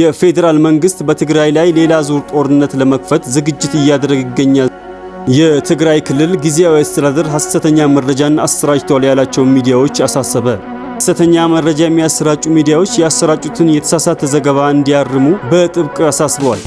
የፌዴራል መንግስት በትግራይ ላይ ሌላ ዙር ጦርነት ለመክፈት ዝግጅት እያደረገ ይገኛል። የትግራይ ክልል ጊዜያዊ አስተዳደር ሐሰተኛ መረጃን አሰራጭተዋል ያላቸው ሚዲያዎች አሳሰበ። ሐሰተኛ መረጃ የሚያሰራጩ ሚዲያዎች ያሰራጩትን የተሳሳተ ዘገባ እንዲያርሙ በጥብቅ አሳስበዋል።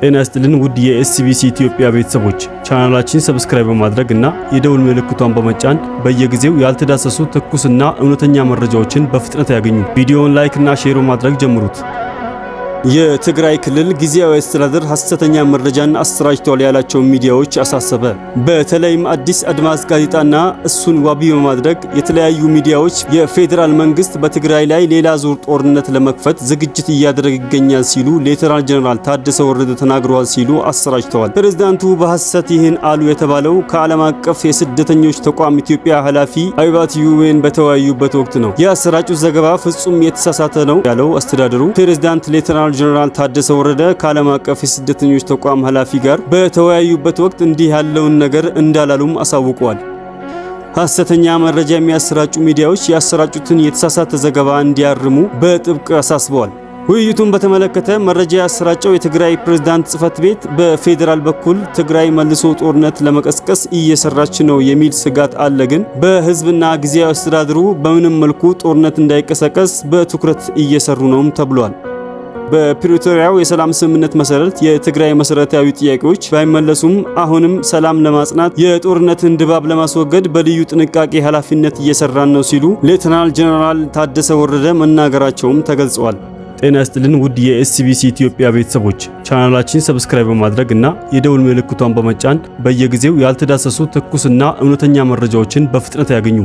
ጤና ይስጥልን ውድ የኤስቢሲ ኢትዮጵያ ቤተሰቦች፣ ቻናላችን ሰብስክራይብ በማድረግ እና የደውል ምልክቷን በመጫን በየጊዜው ያልተዳሰሱ ትኩስና እውነተኛ መረጃዎችን በፍጥነት ያገኙ። ቪዲዮውን ላይክ እና ሼር በማድረግ ጀምሩት። የትግራይ ክልል ጊዜያዊ አስተዳደር ሐሰተኛ መረጃን አሰራጭተዋል ያላቸው ሚዲያዎች አሳሰበ። በተለይም አዲስ አድማስ ጋዜጣና እሱን ዋቢ በማድረግ የተለያዩ ሚዲያዎች የፌዴራል መንግስት በትግራይ ላይ ሌላ ዙር ጦርነት ለመክፈት ዝግጅት እያደረገ ይገኛል ሲሉ ሌተናል ጀነራል ታደሰ ወረደ ተናግረዋል ሲሉ አሰራጭተዋል። ፕሬዝዳንቱ በሐሰት ይህን አሉ የተባለው ከዓለም አቀፍ የስደተኞች ተቋም ኢትዮጵያ ኃላፊ አይባት ዩዌን በተወያዩበት ወቅት ነው። የአሰራጩ ዘገባ ፍጹም የተሳሳተ ነው ያለው አስተዳደሩ ፕሬዝዳንት ሌተናል ጀነራል ታደሰ ወረደ ከዓለም አቀፍ የስደተኞች ተቋም ኃላፊ ጋር በተወያዩበት ወቅት እንዲህ ያለውን ነገር እንዳላሉም አሳውቀዋል። ሐሰተኛ መረጃ የሚያሰራጩ ሚዲያዎች ያሰራጩትን የተሳሳተ ዘገባ እንዲያርሙ በጥብቅ አሳስበዋል። ውይይቱን በተመለከተ መረጃ ያሰራጨው የትግራይ ፕሬዝዳንት ጽህፈት ቤት በፌዴራል በኩል ትግራይ መልሶ ጦርነት ለመቀስቀስ እየሰራች ነው የሚል ስጋት አለ፣ ግን በህዝብና ጊዜያዊ አስተዳድሩ በምንም መልኩ ጦርነት እንዳይቀሰቀስ በትኩረት እየሰሩ ነውም ተብሏል። በፕሪቶሪያው የሰላም ስምምነት መሰረት የትግራይ መሰረታዊ ጥያቄዎች ባይመለሱም አሁንም ሰላም ለማጽናት የጦርነትን ድባብ ለማስወገድ በልዩ ጥንቃቄ ኃላፊነት እየሰራን ነው ሲሉ ሌተናል ጀነራል ታደሰ ወረደ መናገራቸውም ተገልጸዋል። ጤና ይስጥልን ውድ የኤስቢሲ ኢትዮጵያ ቤተሰቦች ቻናላችን ሰብስክራይብ በማድረግ እና የደውል ምልክቷን በመጫን በየጊዜው ያልተዳሰሱ ትኩስና እውነተኛ መረጃዎችን በፍጥነት ያገኙ።